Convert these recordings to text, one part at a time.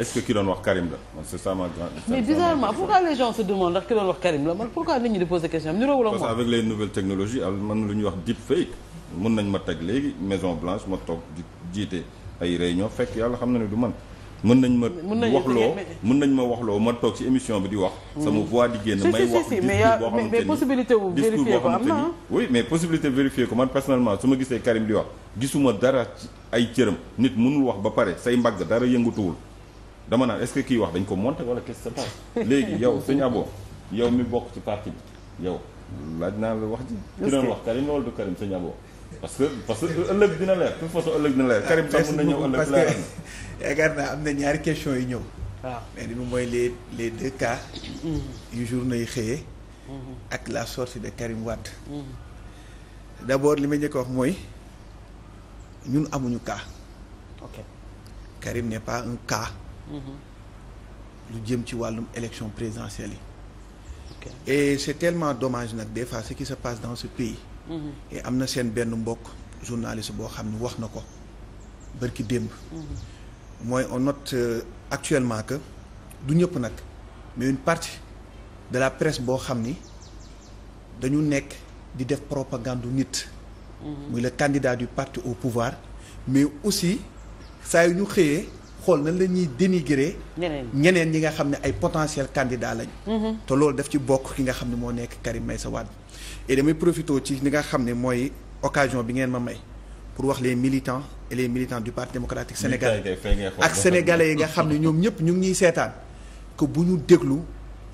est-ce que ki doon wax Karim la man c'est ça ma grande. mais bizarrement pourquoi les gens se demandent ndax ki doon wax Karim la man pourquoi nit ñi di ah, ma toog jiite ay réunion fekk yàlla xam na ne du man. mën nañ ma waxloo mën nañ ma waxloo ma toog ci émission bi di wax. Mm. sama voix génn may wax discours boo xamante ni possibilité wu vérifier ko am na oui mais possibilité vérifier ko gisee Karim di wax gisuma dara ay cëram nit mënul wax ba pare say mbagg dara yëngatuwul. dama naan est ce que kiy wax dañ ko monté wala qu'est-ce qui léegi yow sëñ Abo yow mi bokk ci parti bi yow laaj naa la wax ji ki doon wax Karim loolu du Karim sëñ Abo parce que parce que ëllëg dina leer de toute façon ëllëg dina leer ah, Karim sax mun na ñëw ëllëg leer yaakaar am na ñaari question yu ñëw waaw ah. mais mooy les les deux cas mm-hmm. yu journée yi mm-hmm. la sortie de Karim Wade mm-hmm. d' abord li ma njëkk wax mooy ñun amuñu cas ok Karim n'est pas un cas lu jëm ci wàllum élection présidentielle yi okay. et c'est tellement dommage nag des fois ce qui se passe dans ce pays mm-hmm. et am na seen benn mbokk journaliste boo xam ne wax na ko bërki démb mm-hmm. mooy on note euh, actuellement que du ñëpp nag mais une de la presse boo xam ni dañu nekk di def propagande nit mm-hmm. muy le candidat du parti au pouvoir mais aussi saa yu ñu xëyee xool nañ la ñuy dénigrer ñeneen ñi nga xam ne ay potentiel candidat lañ mm-hmm. te loolu def ci bokk ki nga xam ne moo nekk Karim Meïssa Wade et damay profité ci ni nga xam ne mooy occasion bi ngeen ma may pour wax les militant et les militants du parti démocratique sénégalais ak sénégalais yi nga xam ne ñoom ñëpp ñu ngi ñuy seetaan que bu ñu déglu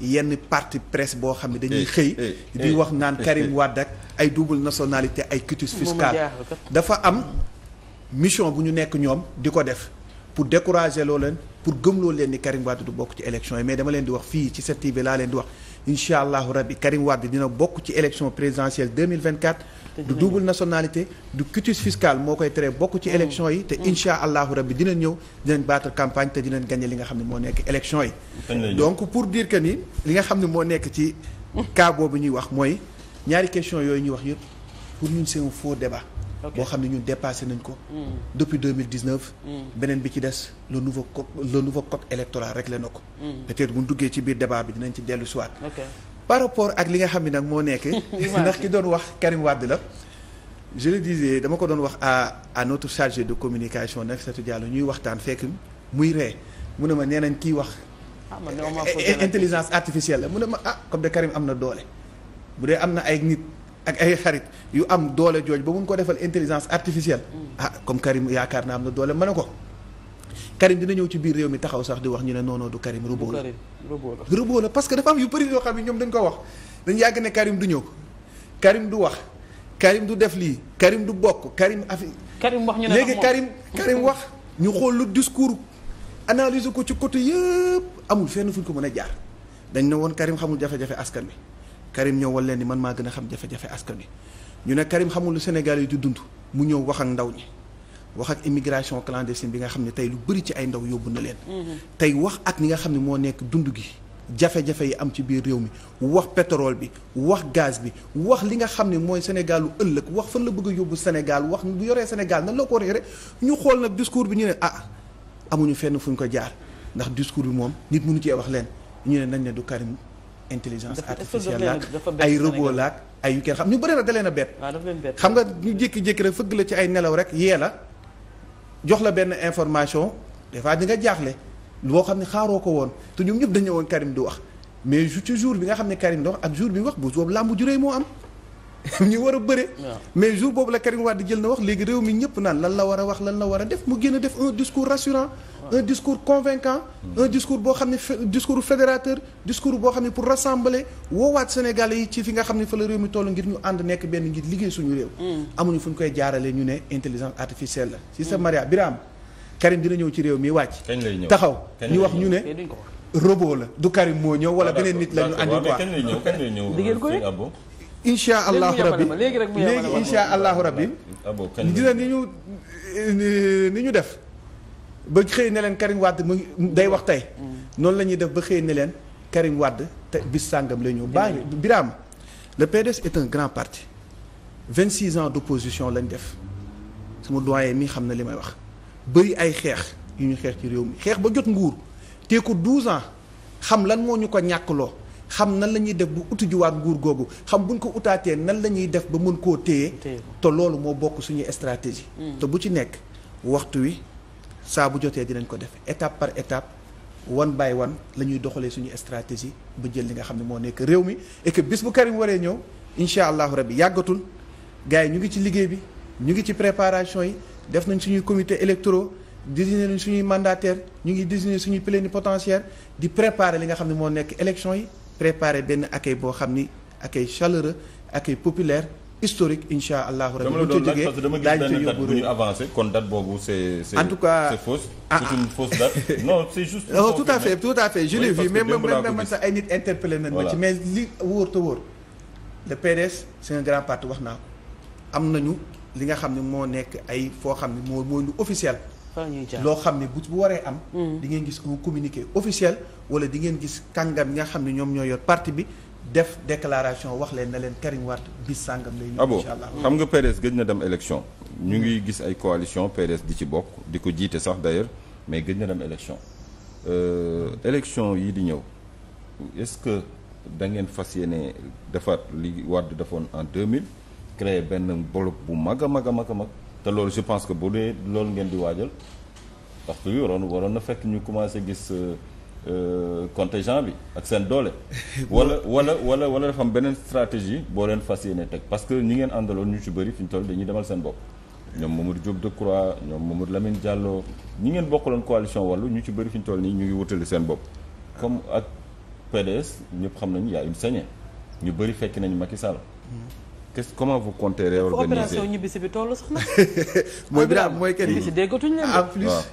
yenn parti presse boo xam ne dañuy eh, xëy eh, eh, di wax naan Karim Wade ak ay double nationalité ay quitus fiscal dafa am mission bu ñu nekk ñoom di ko def pour décourager loo leen pour gëmloo leen ni Karim Wade du bokk ci élection yi mais dama leen di wax fii ci 7TV laa leen di wax incha allahu rabbi Karim Wade dina bokk ci élection présidentielle 2024 du double nationalité du quitus fiscal moo koy tere bokk ci élection yi te mm. incha allahu rabbi dinañ ñëw dinañ battre campagne te dinañ gagné li nga xam ne moo nekk élection yi donc pour dire que ni li nga xam ne moo nekk ci cas bi ñuy wax mooy ñaari question yooyu ñuy wax yëpp pour ñun c'est un boo xam ne ñun dépassé nañ ko. Hmm. depuis deux mille dix neuf. Hmm. beneen bi ci des le nouveau code le nouveau code électoral réglé na ko. Hmm. peut bu ñu duggee ci biir débat bi dinañ ci dellu si waat. par rapport ak li nga xam ni nag moo nekk. ndax ki doon wax Karim Wade la. je le disais dama ko doon wax a à notre de communication Nafissatou Diallo ñuy waxtaan fekk muy ree mu ne ma nee nañ kiy wax. Ah, eh, eh, intelligence artificielle la mu a ma a ah, comme de Karim am na doole bu dee am na ay nit. ak ay xarit yu am doole jooj ba mun ko defal intelligence artificielle mm. ah comme Karim yaakaar na am na doole mën a ko Karim dina ñëw ci biir réew mi taxaw sax di wax ñu ne non non du Karim robot la robot la parce que dafa am yu bëri yoo xam ne ñoom dañ ko wax dañ yàgg ne Karim du ñëw Karim du wax Karim du def lii Karim du bokk Karim afi Karim wax ñu ne léegi Karim Karim wax ñu xool lu discours analyse ko ci côté yëpp amul fenn fu ko mën a jaar dañ ne woon Karim xamul jafe-jafe askan bi Karim ñëw wal leen ni man maa gën a xam jafe-jafe askan wi ñu ne Karim xamul lu Sénégal yi du dund mu ñëw wax ak ndaw ñi wax ak immigration clandestine bi nga xam ne tey lu bëri ci ay ndaw yóbbu na leen. Mhm. tey wax ak ni nga xam ne moo nekk dund gi. jafe yi am ci biir réew mi wax pétrole bi wax gaz bi wax li nga xam ne mooy Sénégal ëllëg wax fan la bëgg yóbbu Sénégal wax bu yoree Sénégal nan la ko yore ñu xool nag discours bi ñu ne ah amuñu fenn fuñ ko jaar ndax discours bi moom nit mënu cee wax leen ñu ne nañ ne du Karim intelligence artificielle laak ay robot laak ay yu kenn xam ñu bëri na da leen a bett xam nga ñu jékki-jékki rek fëgg la ci ay nelaw rek yee la jox la benn information des fois di jaaxle loo xam ne xaaroo ko woon te ñoom ñëpp dañu woon Karim du wax mais toujours bi nga xam ne Karim du ak jour bi wax bu boobu làmb juree moo am ñu war a bëre mais jour boobu la Karim Wade jël na wax léegi réew mi ñëpp naan lan la war a wax lan la war a def mu génn def un discours rassurant un discours convaincant mm. un discours boo xam ne discours fédérateur discours boo xam ne pour rassembler woowaat Sénégalais yi ci fi nga xam ne fa la réew mi toll ngir ñu ànd nekk benn ngir liggéey suñu réew mm. amuñu fu ñu koy jaaralee ñu ne intelligence artificielle la si sa mm. Maria Birame Karim dina ñëw ci réew mi wàcc taxaw ñu wax ñu ne robot la du Karim moo ñëw wala ah, beneen nit la ñu andi quoi incha allahu rabbi léegi rek mu léegi incha allahu rabbi ah gis na ni ñu ni ñu def ba xëy ne leen Karim Wade mu day wax tey mm. noonu la ñuy def ba xëy ne leen Karim Wade te bis sàngam la ñëw bàyyi biraam le PDS est un grand parti vingt six ans d'opposition lañ def suma doyen mi xam na li may wax bëri ay xeex yu ñu xeex ci réew mi xeex ba jot nguur ko douze ans xam lan moo ñu ko ñàkkloo xam nan la ñuy def bu utu juwaat nguur googu xam buñ ko utaatee nan la ñuy def ba mën koo téye te loolu moo bokk suñu stratégie hmm. te bu ci nekk waxtu wi saa bu jotee dinañ ko def étape par étape one by one la ñuy doxalee suñu stratégie ba jël li nga xam ne moo nekk réew mi et que bis bu Karim waree ñëw incha allahu rabbi yàggatul gars yi ñu ngi ci liggéey bi ñu ngi ci préparation yi def nañ suñuy comité électoraux désigné nañ suñuy mandataire ñu ngi désigné suñuy plénipotentiaire di préparer li nga xam ne moo nekk élection yi préparer benn accueil boo xam ni accueil chaleureux accueil populaire historique incha allahu rabi. bu ñu ca jógee daañu ca yóbbu bu avancé kon date boobu c'est c'est en tout cas c'est fausse. ah c'est une ah. fausse date non c'est oh, man sax ay nit interpellé nañ ma ci mais li wóor te wóor. le PDS c'est un grand parti wax naa ko am nañu li nga xam ne moo nekk ay foo xam ne moo moo ñu officiel. loo xam ne bu bu waree am hmm. di ngeen gis un communiqué officiel wala di ngeen gis kàngam yi nga xam ne ñoom ñoo yor parti bi def déclaration wax leen na leen Karim Wade bis sàngam lay ñëw incha allah xam nga PDS gëj na dem élection ñu ngi gis ay coalition PDS di ci bokk di ko jiite sax d'ailleurs mais gëj na dem élection euh, élection yi di ñëw est-ce que da ngeen fas yéene defaat li Wade defoon en mille créer benn bolop bu mag a mag a mag a mag te loolu je pense que bu dee loolu ngeen di waajal waxtu bi waroon waroon na fekk ñu commencé gis euh, euh, contingent bi ak seen doole. wala wala wala wala dafa am beneen stratégie boo leen fas yéene teg parce que ñu ngeen àndaloon ñu ci bëri fi ñu toll dañuy demal seen bopp. ñoom Mamadou Diop Decroix ñoom Mamadou Lamine jàlloo ñi ngeen bokkaloon coalition wàllu ñu ci bëri fi ñu toll nii ñu ngi wutali seen bopp. comme ak PDS ñëpp xam nañu y a une ñu bëri fekk nañu Macky Sall. Mm. qu'est-ce comment vous comptez réorganiser opération ñibbisi bi toll mooy bi daal mooy kenn ñibbisi déggatuñ leen en plus ah.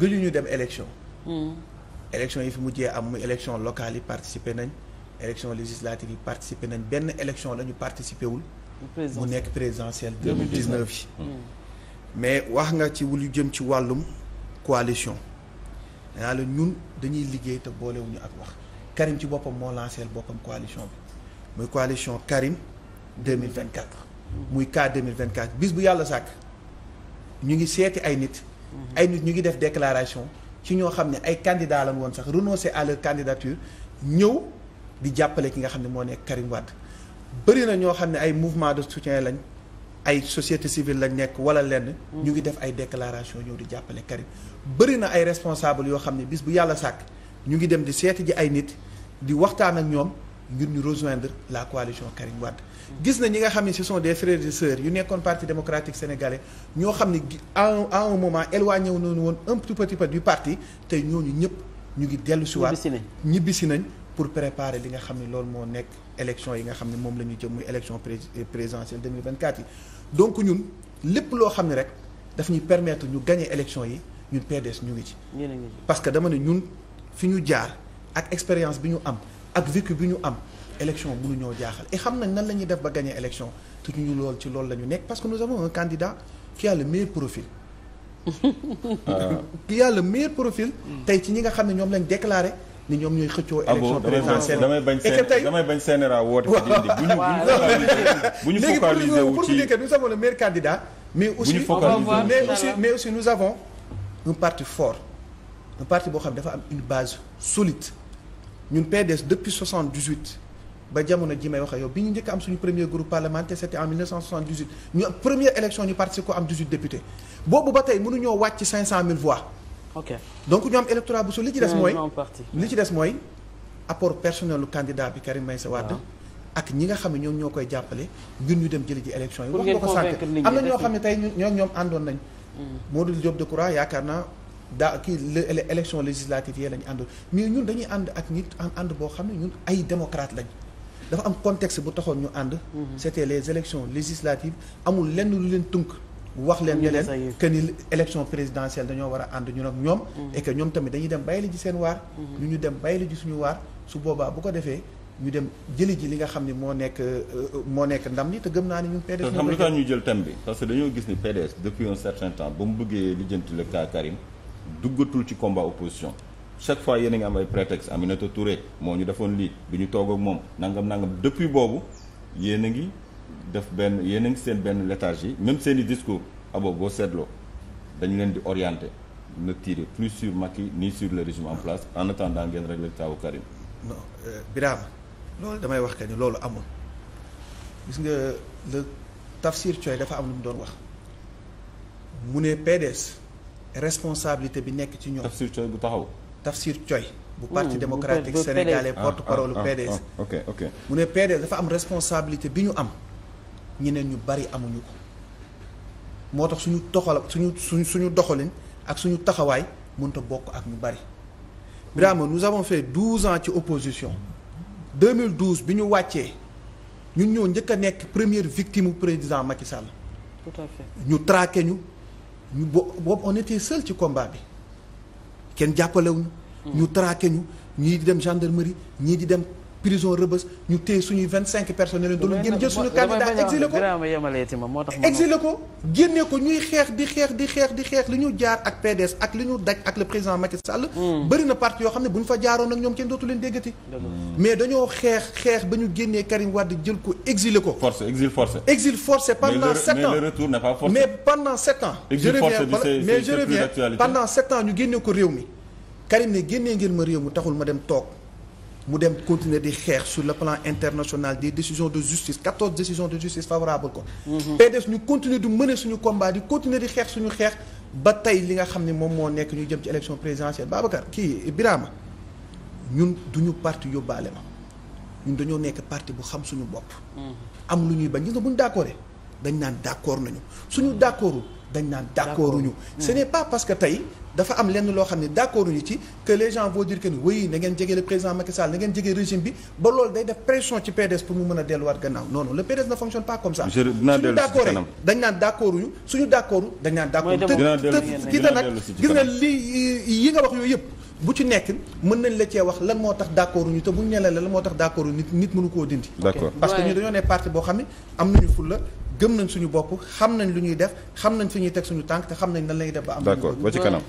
gëjuñu dem élection. Hmm. élection yi fi jee am mu élection locale yi participer nañ. élection législative yi participer nañ benn élection la ñu participer wul. mu nekk présidentielle 2019 yi. Hmm. mais wax nga ci lu jëm ci wàllum coalition. danaa la ñun dañuy liggéey te boolewuñu ak wax Karim ci boppam moo lancé boppam coalition bi muy coalition Karim. 2024 muy cas 2024 bis bu yàlla sàkk ñu ngi seeti ay nit mhm. ay nit ñu ngi def déclaration ci ñoo xam ne ay candidat lañ woon sax renoncer à leur candidature ñëw di jàppale ki nga xam ne moo nekk Karim Wade bëri na ñoo xam ne ay mouvement de soutien lañ ay société civile lañ nekk wala lenn mhm. ñu ngi def ay déclaration ñëw di jàppale Karim bëri na ay responsable yoo xam ne bis bu yàlla sàkk ñu ngi dem di seeti ji ay nit di waxtaan ak ñoom ngir ñu rejoindre la coalition Karim Wade. gis na ñi nga xam ne ce sont des frères et yu nekkoon parti démocratique sénégalais ñoo xam ne à un à un moment éloigné wu noonu woon un tout petit peu parti tey ñooñu ñëpp ñu ngi dellu si waat ñibbisi nañ pour préparer li nga xam ne loolu moo nekk élection yi nga xam ne moom la ñu jëm muy élection euh, présidentielle 2024 yi donc ñun lépp loo xam ne rek daf ñuy permettre ñu gagner élection yi ñun PDS ñu ngi ci parce que dama ñun fi ñu jaar ak expérience bi ñu am ak vécu bi ñu am élection mënu ñoo jaaxal et xam nañ nan la ñuy def ba gagner élection te ñu lool ci loolu la ñu nekk parce que nous avons un candidat qui a le meilleur profil ah. qui a le meilleur profil tey ci ñi nga xam ne ñoom lañ déclaré ni ñoom ñooy xëccoo ah élection présidentielle damay bañ seen damay bañ CNRA woote fi dindi bu ñu bu mais aussi mais aussi mais aussi nous avons parti fort un parti boo xam ne dafa am une base solide ñun PDS depuis 78 ba jamono ji may wax ak yow bi ñu njëkk am suñu premier groupe parlementaire c'était en 1978 ñu première élection ñu participé ko am 18 députés boobu ba tey mënuñoo wàcc 500000 voix. ok donc ñu am électorat bu su li ci des mooy li ci des mooy apport personnel lu bi Karim Meïssa Wade. Ah. ak ñi nga xam ne ñoom ñoo koy jàppale ñun ñu dem jëli ji élection yi. wax nga ko sànq am na ñoo xam ne tey ñun ñoom àndoon nañ hmm. Modou Diop Decroix yaakaar naa. daa kii élection législative yee lañu ànd mais ñun dañuy ànd ak nit ànd boo xam ne ñun ay démocrate lañ dafa am contexte bu taxoon ñu ànd mhm. c'était les élections législatives amul lenn lu leen tunk wax leen ne leen que ni élection dañoo war a ànd ñu ak ñoom mhm. et que ñoom tamit dañuy dem bàyyi la ji seen waar mhm. ñu ñu dem bàyyi la ji suñu waar su boobaa bu ko defee ñu dem jëli ji li nga xam ne moo nekk euh, moo nekk ndam li te gëm naa ne ñun ñu jël thème bi parce que dañoo gis ni PDS depuis un certain temps ba mu bëggee duggatul ci combat opposition chaque fois yéen a ngi am ay prétexte Aminata Touré moo ñu defoon lii bi ñu toog ak moom nangam nangam depuis boobu yéen a ngi def benn yéen a ngi seen benn léthargie même seen i discours aboo boo seetloo dañu leen di orienté na tirer plus sur Macky ni sur le régime en place en attendant ngeen régler taawu Karim. non euh, Birame loolu damay wax que ni loolu amul gis nga le Tafsir Thioye dafa am lu mu doon wax mu ne PDS. responsabilité bi nekk ci ñoom. Tafsir Coy bu taxaw. Tafsir Coy. bu parti mmh, démocratique bu sénégalais porte-parole ah, ah, ah PDS. Ah, ok ok mu ne PDS dafa am responsabilité bi ñu am ñeneen ñu bari amuñu ko moo tax suñu toxal suñu suñ suñu doxalin ak suñu taxawaay mënut a bokk ak ñu bari. Birama nous avons fait douze ans ci opposition 2012 bi ñu wàccee ñun ñoo njëkk a nekk première victime président Macky ñu traqué ñu. ñu bo boobu on était ci combat bi kenn jàppalewuñu hmm. ñu traqué ñu ñii di dem gendarmerie ñii di dem prison rëbës ñu téye suñuy vingt cinq personnes ne leen doon génn jël suñu candidat exilé ko exilé ko ñuy xeex di xeex di xeex di xeex li ñu jaar ak PDS ak li ñu daj ak le président Macky Sall hmm. bëri na parti yoo xam ne bu ñu fa jaaroon nag ñoom kenn dootu leen déggati mais dañoo xeex xeex ba ñu génnee Karim Wade jël ko exilé ko forcé exil forcé exil forcé pendant sept ans mais le retour n'est pas forcé mais pendant sept ans je reviens mais je pendant sept ans ñu génnee ko réew mi Karim ne génnee ngeen ma réew mi taxul ma dem mu dem continuer di xeex su le plan international des décision de justice 14 décisions de justice favorables ko mhm. PDS ñu continuer di mener suñu combat di continuer di xeex suñu xeex ba tey li nga xam ne moom moo nekk ñu jëm ci élection présidentielle Babacar kii Birama ñun duñu parti yóbbaale ma ñun dañoo nekk parti bu xam suñu bopp mhm. am lu ñuy bañ gis nga bu ñu d'accordee dañ naan d'accord nañu suñu d'accordul dañ naan d'accord uñu ce n'est pas parce que tey dafa am lenn loo xam ne d'accord uñu ci que les gens vont dire que ni oui na jege le président Macky Sall na jege régime bi ba loolu day def pression ci PDS pour mu mën a delluwaat gannaaw non non le PDS ne fonctionne pas comme ça suñu d'accord dañ naan d'accord te kita gis nga li yi nga wax yooyu yëpp bu ci nekk mën nañ la cee wax lan moo tax d'accord ñu te bu ñu la moo tax d'accord nit nit mënu koo dindi parce que gëm nañ suñu bopp xam nañ lu ñuy def xam nañ fi ñuy teg suñu tànk te xam nañ nan lañuy def ba am. d'accord ba ci kanam.